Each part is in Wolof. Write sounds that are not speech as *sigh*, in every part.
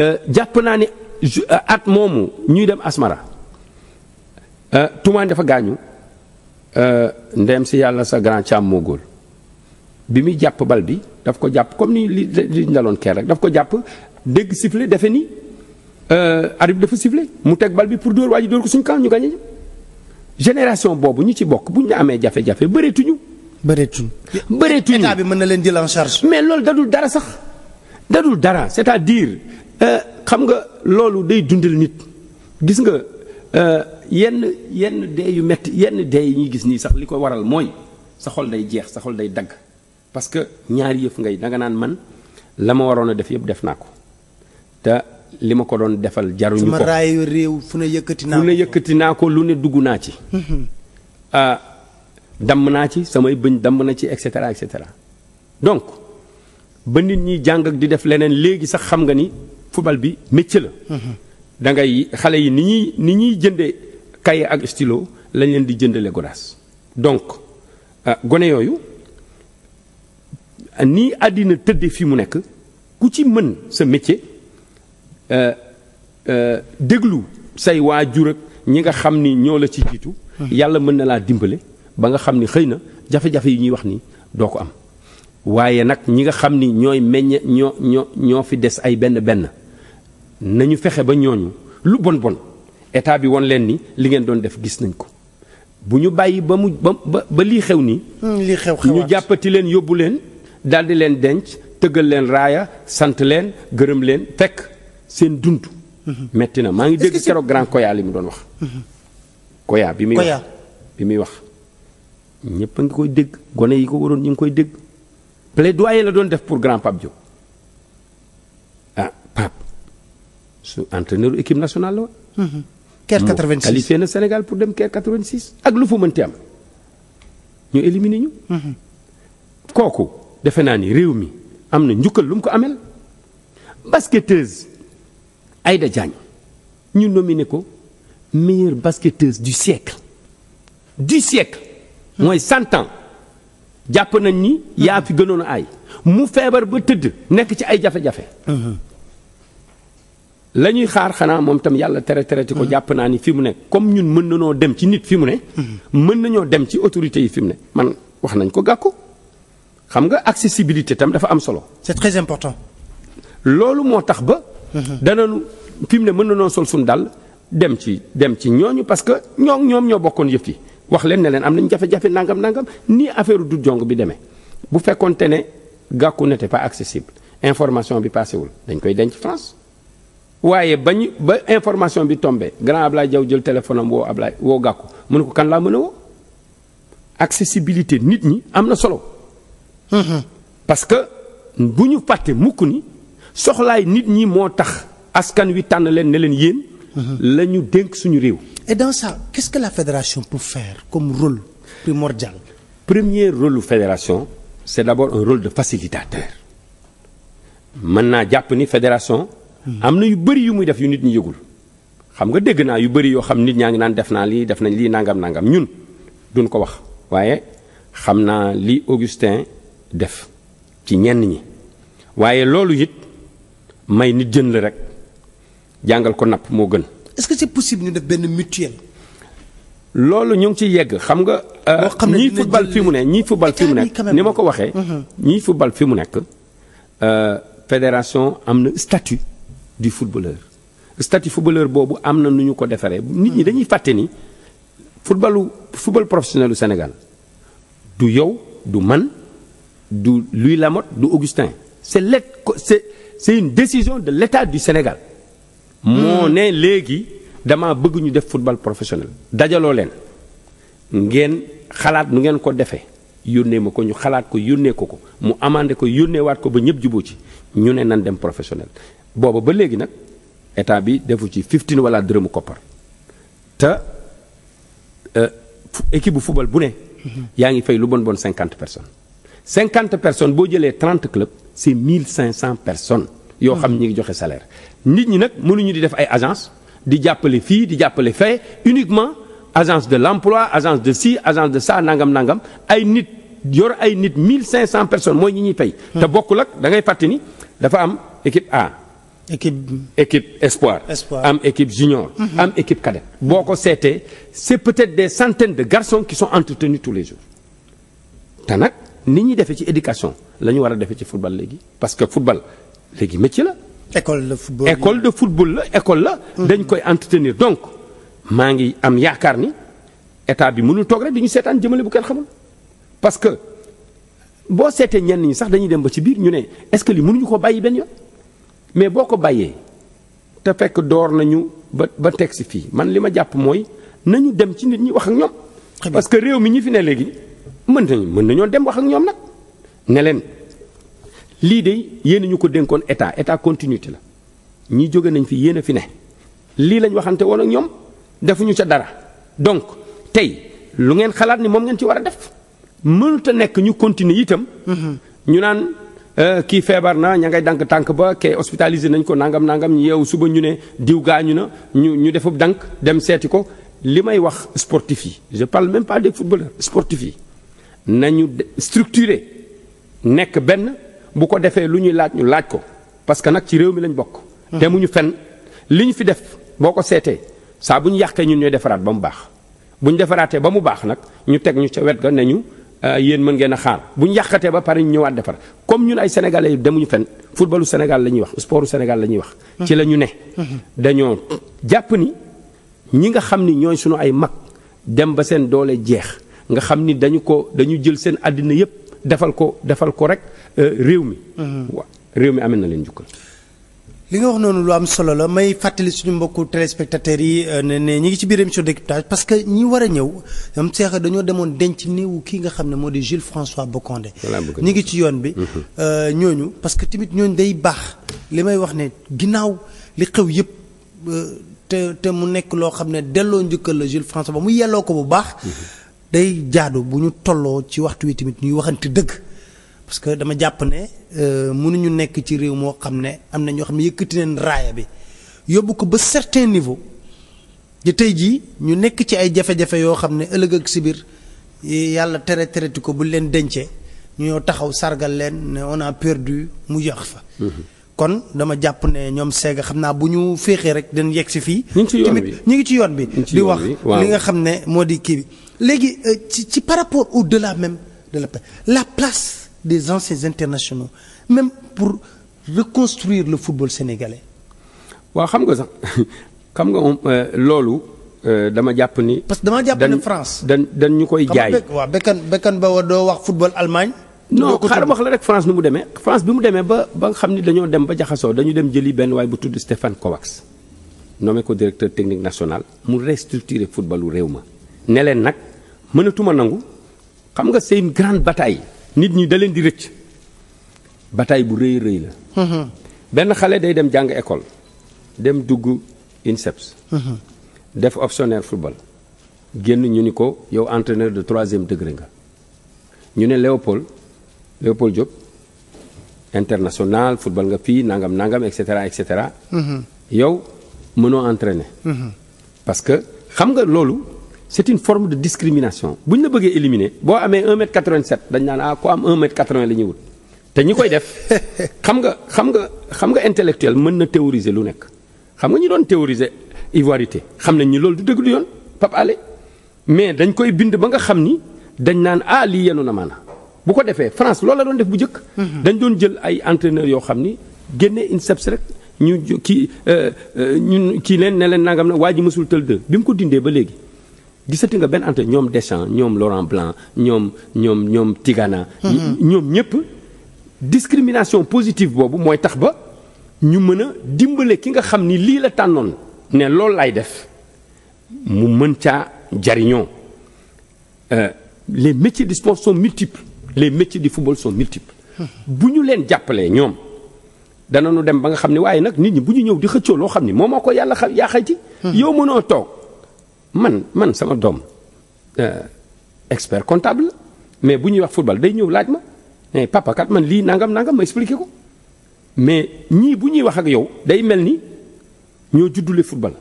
Euh, jàpp naa ne euh, at moomu ñuy dem asmara euh, tumaan dafa gaañu ndem si yàlla sa grand càmm moo góol bi muy jàpp bal bi daf ko jàpp comme ni li li ndaloon keer rek daf ko jàpp dégg sifflet defe ni arbitre dafa sifflet mu teg bal bi pour dóor waa ji dóor ko suñu kan ñu gagné génération boobu ñu ci bokk bu ñu amee jafe-jafe bëreetuñu. bëreetuñu bëreetuñu état bi mën na leen jël en charge. mais loolu dadul dara sax dadul dara c'est-à-dire xam nga loolu day dundal nit gis nga euh, yenn yenn dee yu metti yenn dee yi ñuy gis nii sax li ko waral mooy sa xol day jeex sa xol day dagg parce que ñaari yëf ngay danga naan man la ma waroon a def yëpp def naa ko te li ma ko doon defal jaruñu ko fu ne yëkkati naa ko yëkkati naa ko lu ne dugg naa ci. *laughs* Ah, damm naa ci samay bëñ damm na ci et cetera et cetera donc ba nit ñi jàng ak di def leneen léegi sax xam nga ni. football bi métier la. dangay xale yi ni ñuy ni ñuy jëndee cahier ak stylo lañ leen di jëndalee godaas donc ah, gone yooyu ah, ni àddina tëddee fii mu nekk ku ci mën sa métier euh, euh, déglu say waajur ak ñi nga xam ni ñoo la ci jiitu. yàlla mën na laa dimbale ba nga xam ni xëy na jafe-jafe yi ñuy wax ni doo ko am waaye nag ñi nga xam ni ñooy meññ ñoo ñoo ñoo fi des ay benn benn. nañu fexe ba ñooñu lu bon bon état bi won leen ni li ngeen doon def gis nañ ko bu ñu bàyyi ba mu ba ba lii xew nii. Hmm, lii xew xewaat ñu jàppati leen yóbbu leen daal di leen denc tëggal leen raaya sant leen gërëm leen fekk seen dund. Hmm. metti na maa ngi dégg keroog grand koya li mu doon wax. Hmm. koya bi muy wax bi muy wax ñëpp a ngi koy dégg gone yi ko waroon ñu ngi koy dégg plaidoyer la doon def pour grand Pape Diop. su entraîneur équipe nationale la woon. Caire mhm. 86 na Sénégal pour dem Caire 86 ak lu fu mënti am ñu éliminé ñu. Mhm. kooku defe naa ni réew mi am na njukkal lu mu ko amel ay Aïda Diagne ñu nominé ko meilleure basketteuse du siècle du siècle. Mhm. mooy cent ans jàpp nañ ni. yaa fi gënoon a aay mu feebar ba tëdd nekk ci ay jafe-jafe. lañuy xaar xanaa moom tam yàlla tere tereti ko mm. jàpp naa ni fi mu ne comme ñun mën nañoo dem ci nit fi mu ne. Mm. mën nañoo dem ci autorité yi fi mu ne man wax nañ ko gàkku xam nga accessibilité tam dafa am solo. c'est loolu moo tax ba. Mm-hmm. danañu fi mu ne mën na noo sol suñ dal dem ci dem ci ñooñu parce que ñoo ñoom ñoo bokkoon yëf yi wax leen ne leen am nañ jafe-jafe nangam nangam nii affaire du jong bi demee bu fekkoonte ne gàkku n'était pas accessible information bi passé wul dañ koy denc France. waaye bañ ba information bi tombé grand Ablaye Diaw jël téléphone am woo Ablaye woo gàkku mu ko kan laa mën a woo nit ñi am na solo. Mm-hmm. parce que bu ñu fàtte mukk ni soxlaay nit ñi moo tax askan wi tànn leen ne leen yéen. Mm-hmm. la ñu dénk suñu réew. et dans ça qu'est-ce que la fédération pour faire comme rôle primordial. premier rôle fédération c'est d'abord un rôle de facilitateur mën naa jàpp ni fédération. am na yu bëri yu muy def yu nit ñi yëgul xam nga dégg naa yu bari yoo xam nit ñaa ngi naan def naa lii def nañ lii nangam nangam ñun duñ ko wax waaye xam naa li Augustin def ci ñenn ñi waaye loolu it may nit jën la rek jàngal ko napp moo gën. est que c'est possible def benn mutuelle. loolu ñoo ngi ci yegg xam nga. Euh, boo xam ne ñii football fi mu ne ñii football fi mu nekk ni ma ko waxee. Mm-hmm. ñii football fi mu nekk euh, fédération am na statut. du footballeur statut footballeur boobu am na nu ñu ko defaree. nit ñi dañuy fàtte ni footballu football professionnel du Sénégal du yow du man du la Lamotte du Augustin c'est let c'est une décision de l'État du Sénégal. moo ne léegi damaa bëgg ñu def football professionnel dajaloo leen ngeen xalaat nu ngeen ko defee. yónnee ma ko ñu xalaat ko yónnee ko ko mu amandé ko yónnee waat ko ba ñëpp juboo ci ñu ne nan dem professionnel booba ba léegi nag état bi defu ci 15 wala dërëmu koppar te euh, équipe bu football bu ne. Mhm. yaa ngi fay lu bon bon cinquante personne cinquante personne boo jëlee 30 clubs c'est 1500 personnes. yoo xam mhm. ñi ngi joxe salaire. nit ñi nag mënuñu di def ay agence di jàppale fii di jàppale fee uniquement agence de l'emploi agence de ci agence de saa nangam nangam ay nit yor ay nit 1500 personnes mooy ñi ñuy fay. te hmm. bokkul nag dangay ngay ni dafa am équipe A. équipe équipe espoir. espoir am équipe junior. Mhm. am équipe cadette boo ko seetee c' peut-être des centaines de garson qui sont entretenus tous les jours te nag nit ñi defee ci éducation la ñu war a defee ci football léegi parce que football léegi ci la. école de football école de football la école la. Mhm. dañ koy entretenir donc maa ngi am yaakaar ni état bi mënul toog rek di ñu seetaan jëmale bu kenn xamul parce que boo seetee ñenn ñi sax dañuy dem ba ci biir ñu ne est-ce que li mënuñu ko bàyyi benn yoon. mais boo ko bàyyee te fekk door nañu ba ba teg si fii man li ma jàpp mooy nañu dem ci nit ñi wax ak ñoom. parce que réew mi ñi fi ne léegi mën nañu mën nañoo dem wax ak ñoom nag ne leen lii de yéen ñu ko dénkoon état état continuité la ñi jóge nañ fi yéen a fi ne lii lañ waxante woon ak ñoom defuñu ca dara donc tey lu ngeen xalaat ni moom ngeen ci war a def mënut a nekk ñu continuer itam. Mm-hmm. ñu naan. Euh, kii feebar naa ña ngay dank tànk ba kay hospitalisé nañ ko nangam nangam ñu yeewu suba ñu ne diw gaañu na ñu ñu defub dank dem seeti ko li may wax sportif yi je parle même pas des footballeurs sportif yi nañu structuré nekk benn bu ko defee lu ñuy laaj ñu laaj ko parce que nag ci réew mi lañ bokk. demuñu hmm. fenn li ñu fi def boo ko seetee saa bu ñu yàqee ñun ñooy defaraat ba mu baax bu ñu defaraatee ba mu baax nag ñu teg ñu ca wet ga ne ñu. Euh, yéen mën ngeen a xaar bu ñu yàqatee ba pare ñu ñëwaat defar comme ñun ay sénégalais yi demuñu fenn footballu Sénégal la ñuy wax sportu Sénégal la ñuy wax. ci la ñu ne. dañoo jàpp ni ñi nga xam ni ñooy sunu ay mag dem ba seen doole jeex nga xam ni dañu ko dañu jël seen àddina yépp defal ko defal ko rek euh, réew mi. Mm-hmm. waaw réew mi amee na leen jukkal. li nga wax noonu lu am solo la may fàttali suñu mbokku téléspectateurs yi euh, ne ne ñi ngi ci biir émission décryptage parce que ñi war a ñëw am seex dañoo demoon denc néewu kii nga xam ne moo di Jules François Bocandé ñi ngi ci yoon bi mm-hmm. euh, ñooñu parce que tamit ñooñu day baax li may wax ne ginnaaw li xew yëpp euh, te te mu nekk loo xam ne delloo njukkal la Jules François ba mu yelloo ko bu baax mm-hmm. day jaadu bu ñu tolloo ci waxtu wi tamit ñuy waxante dëkk parce que dama jàpp ne euh, mënuñu nekk ci réew moo xam ne am na ñoo xam ne yëkkati neen raaya bi yóbbu ko ba certain niveau ji tey jii ñu nekk ci ay jafe-jafe yoo xam ne ëllëg ak sibir yàlla tere tereti ko bu leen dencee ñu ñoo taxaw sargal leen ne on a perdu mu yox fa. Mhm. kon dama jàpp ne ñoom seega xam naa bu ñu féexee rek dañ yegg si fii. ñu ngi ci yoon bi ñu ci yoon bi. di wax li nga xam ne moo di kii bi. léegi euh, ci ci par rapport au la même de la la place. des anciens internationaux même pour reconstruire le football sénégalais. waa xam nga sax *laughs* xam nga moom euh, loolu euh, dama jàpp ni. parce que dama jàpp ne France dañ dañ ñu koy jaay. waaw bekkan bekkan ba doo wax football Allemagne. non xaar wax la rek France nu mu demee France bi mu demee ba ba nga xam ni dañoo dem ba jaxasoo dañu dem jëli benn waay bu tudd Stéphane Kovacs nommé ko directeur technique national mu restructuré footballu réew ma ne leen nag mënatuma nangu xam nga c'est une grande nit ñi da leen di rëcc bataille bu rëy rëy la. Mm-hmm. benn xale day dem jàng école dem dugg INSEPS. Mm-hmm. def optionnaire football génn ñu ni ko yow entraîneur de troisième degré nga ñu ne Léopold Léopold Diop international football nga fi nangam nangam et cetera cetera. Mm-hmm. yow mënoo entraîner. parce xam nga loolu. c'est une forme de discrimination bu ñu la bëggee éliminer boo amee 1 mètre 87 dañ naan ah ku am 1 mètre 80 la ñuy koy def *laughs* xam nga xam nga xam nga intellectuel mën na théoriser lu nekk xam nga ñu doon théoriser ivoirité xam nañ ni loolu du dëgg yoon Pape Alé mais dañ koy bind ba nga xam ni dañ naan ah lii yenu na maana bu ko defee France loolu la doon def bu njëkk. Mhm. dañ doon jël ay entraîneurs yoo xam ni génne INSEPS rek ñu kii euh, euh, ñun kii leen ne leen nangam na waa ji mësul tël de bi mu ko dindee ba léegi. gisati nga benn ante ñoom Deschamps ñoom Laurent Blanc ñoom ñoom ñoom Tigana. Mm-hmm. ñoom ñëpp discrimination positive boobu mooy tax ba ñu mën a dimbale ki nga xam ni lii la tànnoon ne loolu lay def mu mën caa jariñoo euh, les métiers du sport sont multiples les métiers du football sont multiples. Mm-hmm. bu ñu leen jàppalee ñoom. nu dem ba nga xam ne waaye nag nit ñi bu ñu ñëw di xëccoo loo xam ni moom moo ko yàlla xa yaa xay ci mm-hmm. yow mënoo toog. man man sama doom euh, expert comptable mais bu ñuy wax football day ñëw laaj ma mais papa kat man lii nangam nangam ma expliqué ko mais ñii bu ñuy wax ak yow day mel ni ñoo juddule football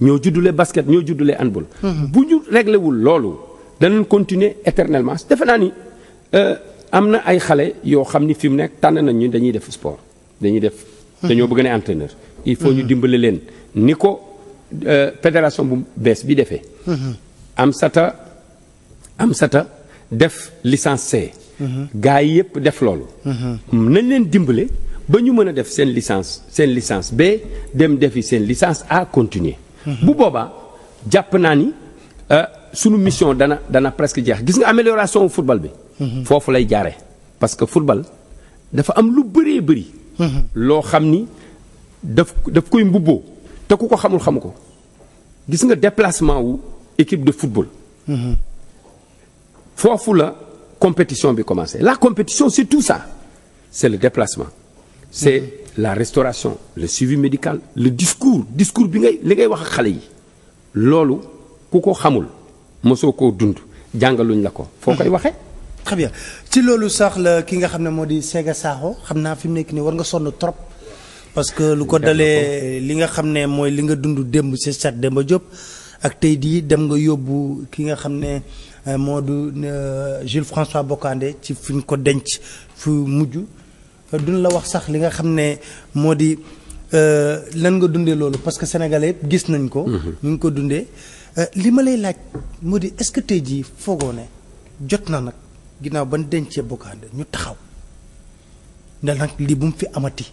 ñoo juddule basket ñoo juddule handball. Mhm. bu ñu réglé loolu danañ continuer éternellement defe naa ni euh, am na ay xale yoo xam ni fi mu nekk tànn nañ dañuy def sport dañuy def. Mhm. dañoo bëgg ne entraîneur. il faut ñu mhm. dimbale leen ni ko. Euh, fédération bu bees bi defee. Mm-hmm. am sata am sata def lissance C. Mm-hmm. gars yi yëpp def loolu. Mm-hmm. Mm, nañ leen dimbale ba ñu mën a def seen lissance seen lissance B dem defi seen lissance A continuer. bu boobaa jàpp naa ni euh, sunu mission dana dana presque jeex gis nga amélioration football bi. foofu lay jaare parce que football dafa am lu bëree bëri. loo xam ni daf daf koy mbubboo. te ku ko xamul xamu ko gis nga déplacement wu équipe de football. foofu la compétition bi commencé la compétition surtout tout ça c'est le déplacement. c'est la restauration le suivi médical le discours discours bi ngay li ngay wax xale yi loolu ku ko xamul mosoo koo dund jàngaluñ la ko. foo koy waxee. très bien ci loolu sax la ki nga xam ne moo di Sega Sakho xam naa fi mu nekk nii war nga sonn trop. parce que lu ko dalee li nga xam ne mooy li nga dund démb ci stade Demba Diop ak tey jii dem nga yóbbu ki nga xam ne euh, moo du euh, Jules François Bocandé ci fi ñu ko denc fu mujj duñ la wax sax li nga xam ne moo di lan euh, nga dundee loolu parce que sénégalais gis nañ ko. ñu mhm. ngi ko dundee li ma lay laaj moo di est-ce que tey jii foogoo jot na nag ginnaaw ban dencee Bocandé ñu taxaw ndax nag lii bu mu fi amati.